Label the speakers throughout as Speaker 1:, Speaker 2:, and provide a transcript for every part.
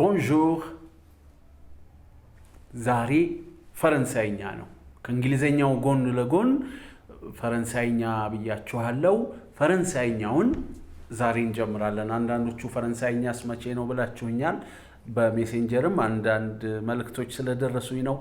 Speaker 1: ቦንዦር ዛሬ ፈረንሳይኛ ነው። ከእንግሊዘኛው ጎን ለጎን ፈረንሳይኛ ብያችኋለው። ፈረንሳይኛውን ዛሬ እንጀምራለን። አንዳንዶቹ ፈረንሳይኛስ መቼ ነው ብላችሁኛል። በሜሴንጀርም አንዳንድ መልእክቶች ስለደረሱኝ ነው።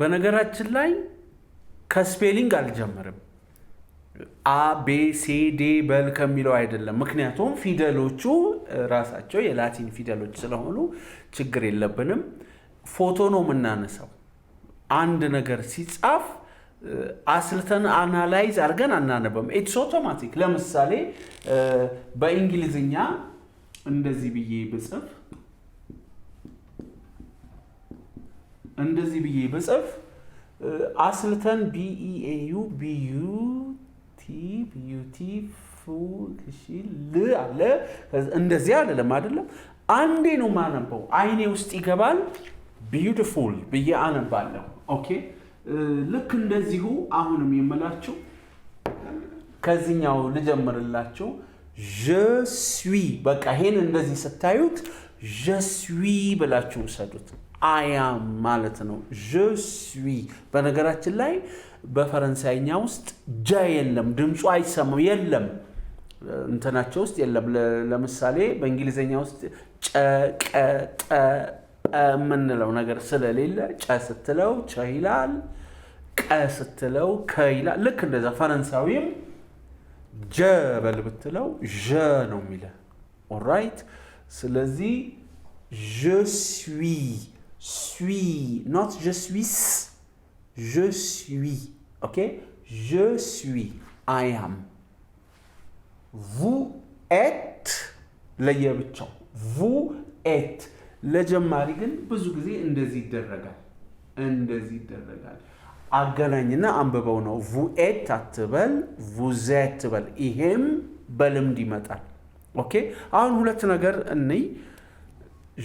Speaker 1: በነገራችን ላይ ከስፔሊንግ አልጀምርም። አ ቤ ሴ ዴ በል ከሚለው አይደለም። ምክንያቱም ፊደሎቹ ራሳቸው የላቲን ፊደሎች ስለሆኑ ችግር የለብንም። ፎቶ ነው የምናነሳው። አንድ ነገር ሲጻፍ አስልተን አናላይዝ አድርገን አናነበም። ኢትስ ኦቶማቲክ። ለምሳሌ በእንግሊዝኛ እንደዚህ ብዬ ብጽፍ እንደዚህ ብዬ በጽፍ አስልተን ቢኢኤዩ ቢዩቲ ቢዩቲ ል አለ እንደዚህ አለለም አይደለም። አንዴ ነው ማነበው፣ አይኔ ውስጥ ይገባል። ቢዩቲፉል ብዬ አነባለሁ። ኦኬ ልክ እንደዚሁ አሁንም የምላችሁ ከዚህኛው ልጀምርላችሁ። ጀስዊ በቃ ይሄን እንደዚህ ስታዩት ጀስዊ ብላችሁ ውሰዱት። አያም ማለት ነው። ዥ በነገራችን ላይ በፈረንሳይኛ ውስጥ ጀ የለም፣ ድምፁ አይሰማም። የለም እንትናቸው ውስጥ የለም። ለምሳሌ በእንግሊዝኛ ውስጥ ጨቀጠ የምንለው ነገር ስለሌለ ጨ ስትለው ቸ ይላል፣ ቀ ስትለው ከ ይላል። ልክ እንደዛ ፈረንሳዊም ጀ በል ብትለው ዠ ነው የሚለ ኦራይት። ስለዚህ ዥ suis. Note, je suis. Je suis. OK? Je suis. I am. Vous êtes ለየ ብቻው ቡ ኤት ለጀማሪ ግን ብዙ ጊዜ እንደዚህ ይደረጋል። እንደዚህ ይደረጋል። አገናኝና አንብበው ነው። ቡ ኤት አትበል፣ ቡዜ አትበል። ይሄም በልምድ ይመጣል። ኦኬ አሁን ሁለት ነገር እንይ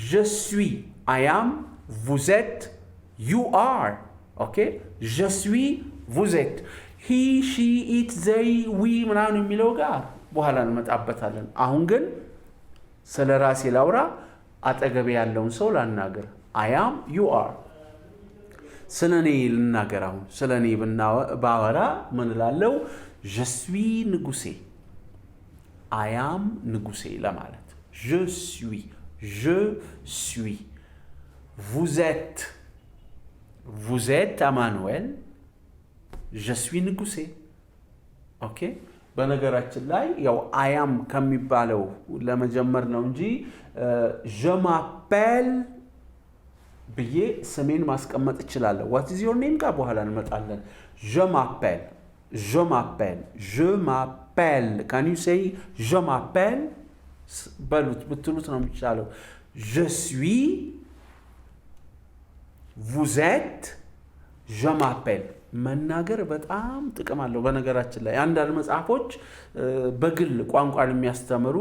Speaker 1: ጀስዊ አያም vous êtes, you are. ok? Je suis, vous êtes ሂ ሺ ኢት ዘይ ዊ ምናምን የሚለው ጋር በኋላ እንመጣበታለን። አሁን ግን ስለ ራሴ ላውራ። አጠገቤ ያለውን ሰው ላናገር። አያም ዩ አር። ስለ እኔ ልናገር። አሁን ስለ እኔ ባወራ ምን ላለው? ጀ ንጉሴ፣ አያም ንጉሴ ለማለት ጀ ስዊ Vous êtes vous êtes à Manuel. Je suis négocé. Ok, bon à gare à Yo, I am comme il parle ou la madame Marnon dit. Je m'appelle Billet semaine masque à What is your name? Cabohalan Matal. Je m'appelle. Je m'appelle. Je m'appelle. Can you say? Je m'appelle. Balout. Je suis. ቡዘት ዠማፔል መናገር በጣም ጥቅም አለው። በነገራችን ላይ አንዳንድ መጽሐፎች በግል ቋንቋን የሚያስተምሩ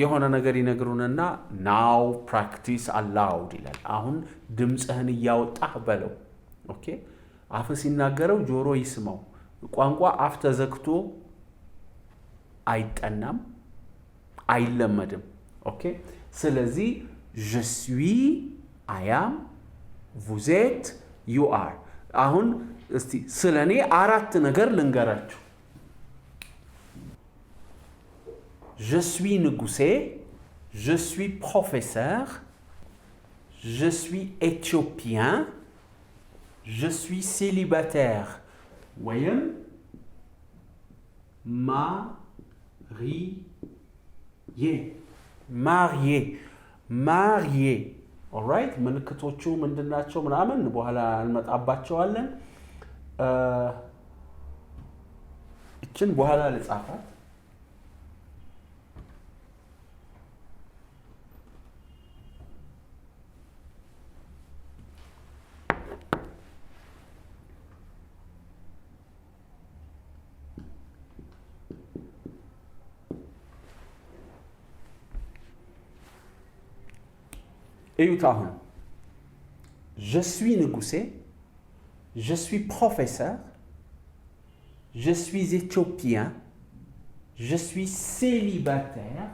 Speaker 1: የሆነ ነገር ይነግሩንና ናው ፕራክቲስ አላውድ ይላል። አሁን ድምፅህን እያወጣህ በለው። ኦኬ አፍ ሲናገረው ጆሮ ይስማው። ቋንቋ አፍ ተዘግቶ አይጠናም፣ አይለመድም። ኦኬ ስለዚህ ዥስዊ አያም vous êtes, you are. አሁን እስቲ ስለ እኔ Je suis Ngoussé, je suis professeur, je suis éthiopien, je suis célibataire. William, ri. marié, marié. marié. ኦራይት ምልክቶቹ ምንድናቸው? ምናምን በኋላ እንመጣባቸዋለን። እችን በኋላ ልጻፋት je suis Ngoussé, je suis professeur, je suis éthiopien, je suis célibataire,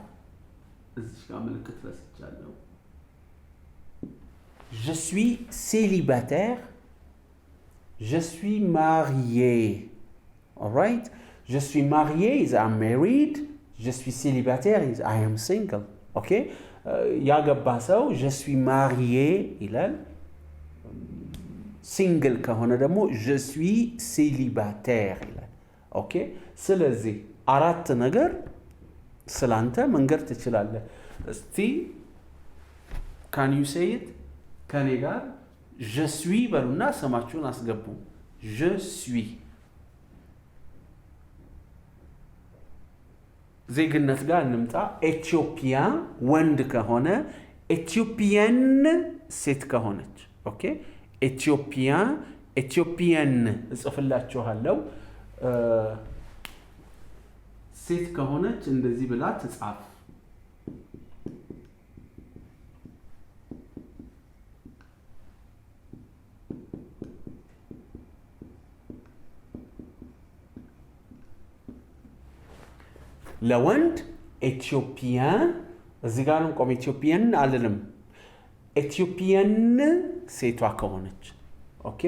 Speaker 1: je suis célibataire, je suis marié. right. Je suis marié, I'm married. Je suis célibataire, I am single. OK? Euh, ያገባ ሰው ጀስዊ ማሪዬ ይላል። ሲንግል ከሆነ ደግሞ ጀስዊ ሴሊባቴር ይላል። ኦኬ። ስለዚህ አራት ነገር ስላንተ መንገድ ትችላለህ። እስቲ ካን ዩ ሴይት ከኔ ጋር ጀስዊ በሉና ስማችሁን አስገቡ ጀስዊ ዜግነት ጋር እንምጣ። ኤትዮጵያ ወንድ ከሆነ ኤትዮጵያን ሴት ከሆነች ኦኬ፣ ኢትዮጵያ ኢትዮጵያን እጽፍላችኋለሁ። ሴት ከሆነች እንደዚህ ብላ ትጻፍ። ለወንድ ኤትዮፒያን እዚህ ጋር ቆም ኤትዮፒያን አልልም። ኤትዮፒያን ሴቷ ከሆነች ኦኬ፣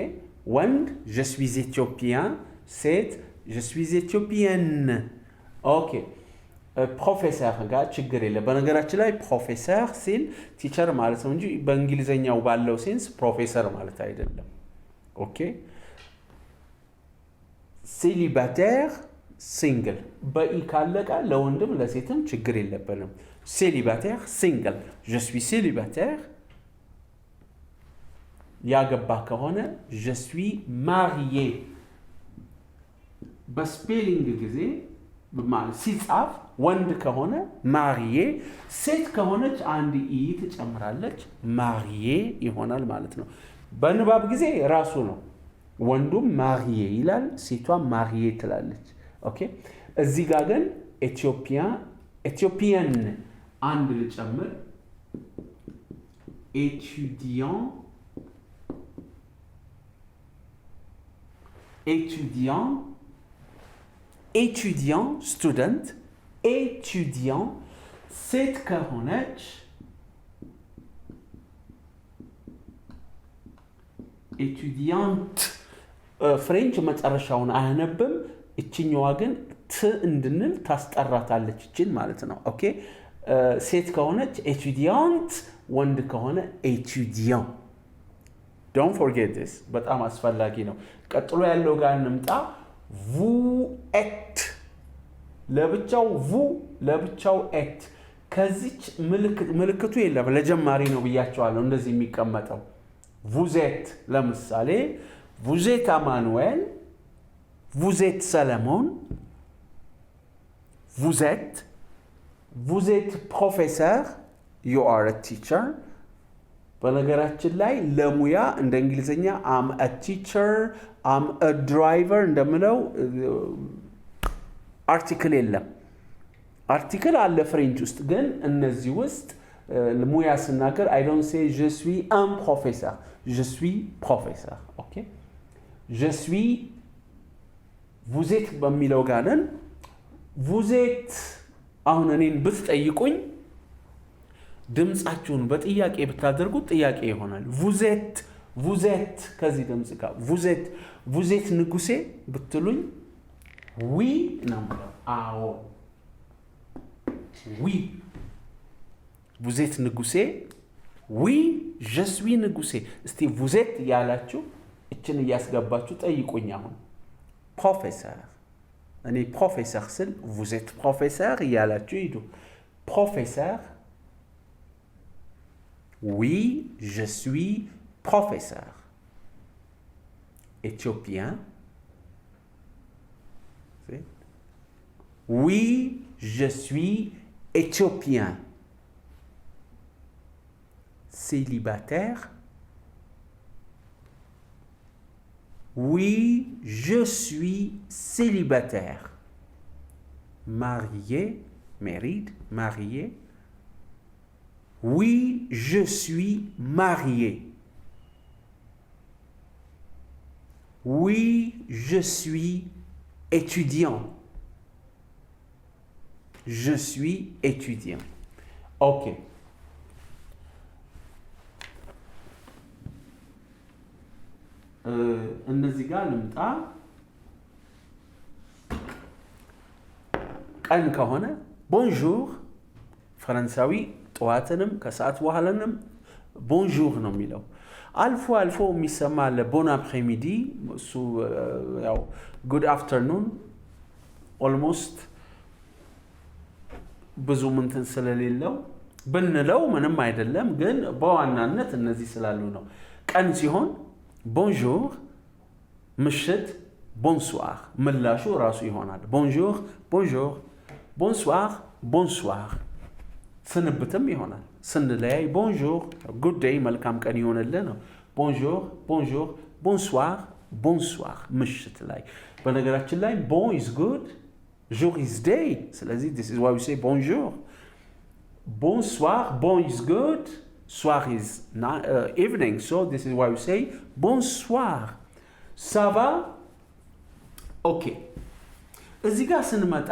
Speaker 1: ወንድ ጀስዊዝ ኤትዮፒያን፣ ሴት ጀስዊዝ ኤትዮፒያን። ኦኬ ፕሮፌሰር ጋር ችግር የለም። በነገራችን ላይ ፕሮፌሰር ሲል ቲቸር ማለት ነው እንጂ በእንግሊዘኛው ባለው ሴንስ ፕሮፌሰር ማለት አይደለም። ኦኬ ሴሊባቴር ሲንግል በኢ ካለቀ ለወንድም ለሴትም ችግር የለብንም። ሴሊባቴር ሲንግል ጀስዊ ሴሊባቴር ያገባ ከሆነ ጀስዊ ማሪዬ በስፔሊንግ ጊዜ ሲጻፍ ወንድ ከሆነ ማሪዬ፣ ሴት ከሆነች አንድ ኢ ትጨምራለች ማሪዬ ይሆናል ማለት ነው። በንባብ ጊዜ ራሱ ነው። ወንዱም ማሪዬ ይላል፣ ሴቷ ማሪዬ ትላለች። Zigaden, Éthiopien, Éthiopienne, Ethiopian Chamber, étudiant, étudiant, étudiant, étudiant, étudiant, étudiant, étudiant, étudiant, étudiant, Étudiante. étudiant, étudiant, étudiant, étudiant, እችኛዋ ግን ት እንድንል ታስጠራታለች እችን ማለት ነው። ኦኬ ሴት ከሆነች ኤቱዲያንት፣ ወንድ ከሆነ ኤቱዲያን። ዶንት ፎርጌት ስ በጣም አስፈላጊ ነው። ቀጥሎ ያለው ጋር እንምጣ። ቡ ኤት ለብቻው ቡ ለብቻው ኤት ከዚች ምልክቱ የለም። ለጀማሪ ነው ብያቸዋለሁ። እንደዚህ የሚቀመጠው ቡዜት ለምሳሌ ቡዜት አማኑኤል Vous êtes Salomon. Vous êtes. Vous êtes professeur. You are a teacher. Balagaratchilai, le mouya, dengilzengya. I'm a teacher. I'm a driver. Dammelo, uh, article l. Article à l'affranchissement. And as you used, le mouya s'en I don't say je suis un professeur. Je suis professeur. Ok. Je suis ቡዜት በሚለው ጋነን ቡዜት አሁን እኔን ብትጠይቁኝ ድምፃችሁን በጥያቄ ብታደርጉት ጥያቄ ይሆናል። ቡዜት ቡዜት ከዚህ ድምፅ ጋር ቡዜት ቡዜት ንጉሴ ብትሉኝ ዊ ነው የምለው። አዎ ዊ ቡዜት ንጉሴ ዊ ዠስዊ ንጉሴ። እስቲ ቡዜት እያላችሁ እችን እያስገባችሁ ጠይቁኝ አሁን professeur. On est professeur Vous êtes professeur, il y a la Professeur. Oui, je suis professeur. Éthiopien. Oui, je suis éthiopien. Célibataire. Oui, je suis célibataire. Marié, mérite, marié. Oui, je suis marié. Oui, je suis étudiant. Je suis étudiant. OK. እነዚህ ጋር ልምጣ። ቀን ከሆነ ቦንዡር ፈረንሳዊ ጠዋትንም ከሰዓት በኋላንም ቦንዡር ነው የሚለው። አልፎ አልፎ የሚሰማ ለቦን አፕሬሚዲ እሱ ያው ጉድ አፍተርኑን ኦልሞስት ብዙ ምንትን ስለሌለው ብንለው ምንም አይደለም፣ ግን በዋናነት እነዚህ ስላሉ ነው ቀን ሲሆን ቦንዦር ምሽት፣ ቦንስዋር ምላሹ ራሱ ይሆናል። ቦንዦር ቦንዦር፣ ቦንስዋር ቦንስዋር፣ ስንብትም ይሆናል። ስንለያይ ቦንዦር ጉዳይ መልካም ቀን ይሆንልህ ነው። ቦንዦር ቦንዦር፣ ቦንስዋር ቦንስዋር ምሽት ላይ በነገራችን ላይ ቦን ኢዝ ጉድ ጆር ኢዝ ዴይ። ስለዚህ ዲስ ኢዝ ዋይ ዊ ሴይ ቦንዦር ቦንስዋር ቦን ኢዝ ጉድ Soir is not, uh, evening, so this is why we say bonsoir. Ça va? Ok. እዚህ ጋር ስንመጣ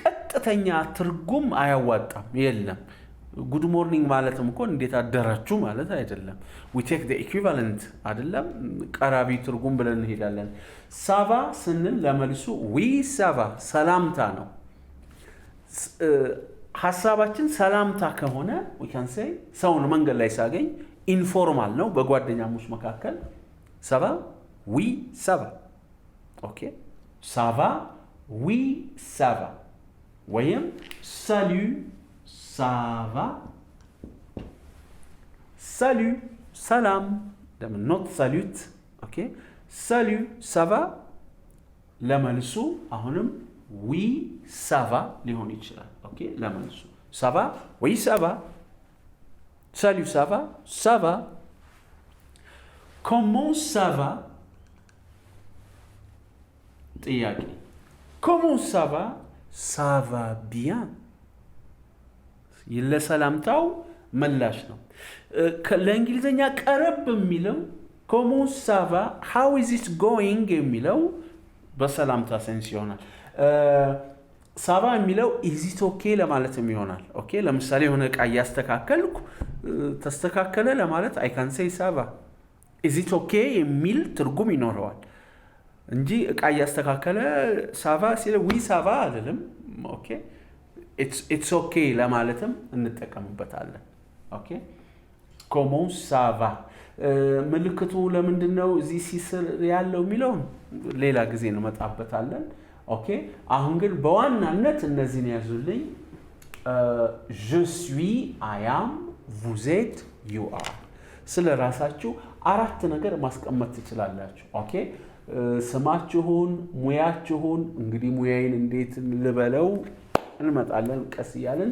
Speaker 1: ቀጥተኛ ትርጉም አያዋጣም። የለም ጉድ ሞርኒንግ ማለትም እኮ እንዴት አደራችሁ ማለት አይደለም። ዊ ቴክ ደ ኢኩቫለንት አይደለም፣ ቀራቢ ትርጉም ብለን እንሄዳለን። ሳቫ ስንል ለመልሱ ዊ ሳቫ ሰላምታ ነው። ሀሳባችን ሰላምታ ከሆነ ዊካንሴ ሰውን መንገድ ላይ ሳገኝ ኢንፎርማል ነው፣ በጓደኛሞች መካከል ሰባ ዊ ሰባ ኦኬ ሳቫ ዊ ሳቫ ወይም ሰሉ ሳቫ ሰሉ ሰላም ለምኖት ሰሉት ኦኬ ሳቫ ለመልሱ አሁንም ዊ ሳቫ ሊሆን ይችላል። Ok, la Ça va Oui, ça va. Salut, ça va Ça va. Comment ça va Comment ça va Ça va bien. Il laisse la mtao, mais euh, L'anglais arabe, milan. Comment ça va How is it going, milan comment ça euh ሳባ የሚለው ኢዚት ኦኬ ለማለትም ይሆናል። ኦኬ ለምሳሌ የሆነ እቃ እያስተካከልኩ ተስተካከለ ለማለት አይካንሴ ሳባ ኢዚት ኦኬ የሚል ትርጉም ይኖረዋል እንጂ እቃ እያስተካከለ ሳባ ዊ ሳባ አልልም። ኦኬ ኢትስ ኦኬ ለማለትም እንጠቀምበታለን። ኦኬ ኮሞን ምልክቱ ለምንድን ነው እዚህ ሲስር ያለው የሚለውን ሌላ ጊዜ እንመጣበታለን። ኦኬ አሁን ግን በዋናነት እነዚህን ያዙልኝ። ዥ ስዊ አያም ቡዜት ዩ አር። ስለ ራሳችሁ አራት ነገር ማስቀመጥ ትችላላችሁ። ኦኬ ስማችሁን፣ ሙያችሁን እንግዲህ ሙያዬን እንዴት ልበለው እንመጣለን ቀስ እያለን።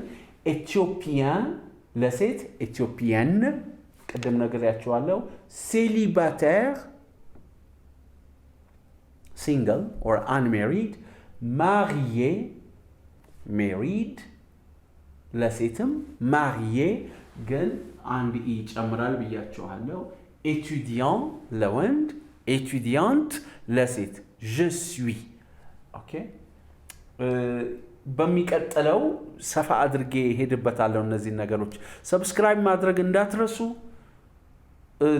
Speaker 1: ኢትዮፒያን ለሴት ኢትዮፒያን ቅድም ነግሬያችኋለሁ። ሴሊባተር single or unmarried marié ሜሪድ ለሴትም ማሪዬ ግን አንድ ኢ ይጨምራል ብያችኋለሁ። ኤቱዲያን ለወንድ ኤቱዲያንት ለሴት ዥስዊ ኦኬ። በሚቀጥለው ሰፋ አድርጌ ሄድበታለሁ እነዚህን ነገሮች። ሰብስክራይብ ማድረግ እንዳትረሱ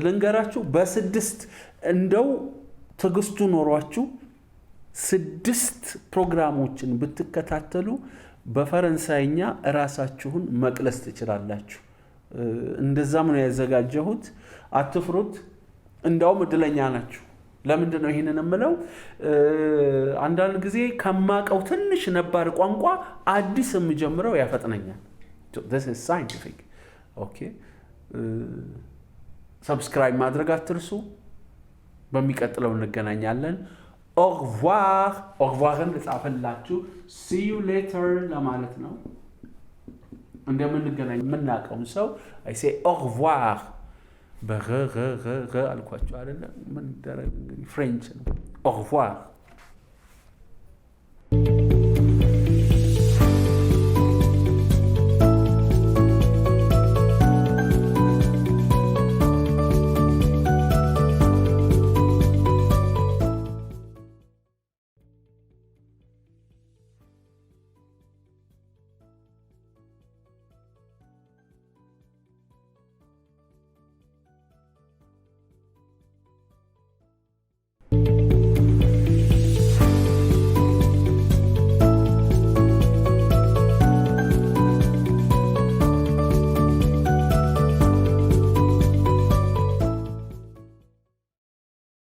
Speaker 1: ልንገራችሁ በስድስት እንደው ትዕግስቱ ኖሯችሁ ስድስት ፕሮግራሞችን ብትከታተሉ በፈረንሳይኛ እራሳችሁን መቅለስ ትችላላችሁ። እንደዛም ነው ያዘጋጀሁት። አትፍሩት። እንዳውም እድለኛ ናችሁ። ለምንድን ነው ይህንን የምለው? አንዳንድ ጊዜ ከማቀው ትንሽ ነባር ቋንቋ አዲስ የምጀምረው ያፈጥነኛል። ሳይንቲፊክ ኦኬ። ሰብስክራይብ ማድረግ አትርሱ። በሚቀጥለው እንገናኛለን። ኦርቫር ኦርቫርን ልጻፈላችሁ ሲዩ ሌተር ለማለት ነው። እንደምንገናኝ የምናውቀውን ሰው አይሴ ኦርቫር በረ አልኳቸው አይደለም። ምን ይደረግ እንግዲህ ፍሬንች ነው ኦርቫር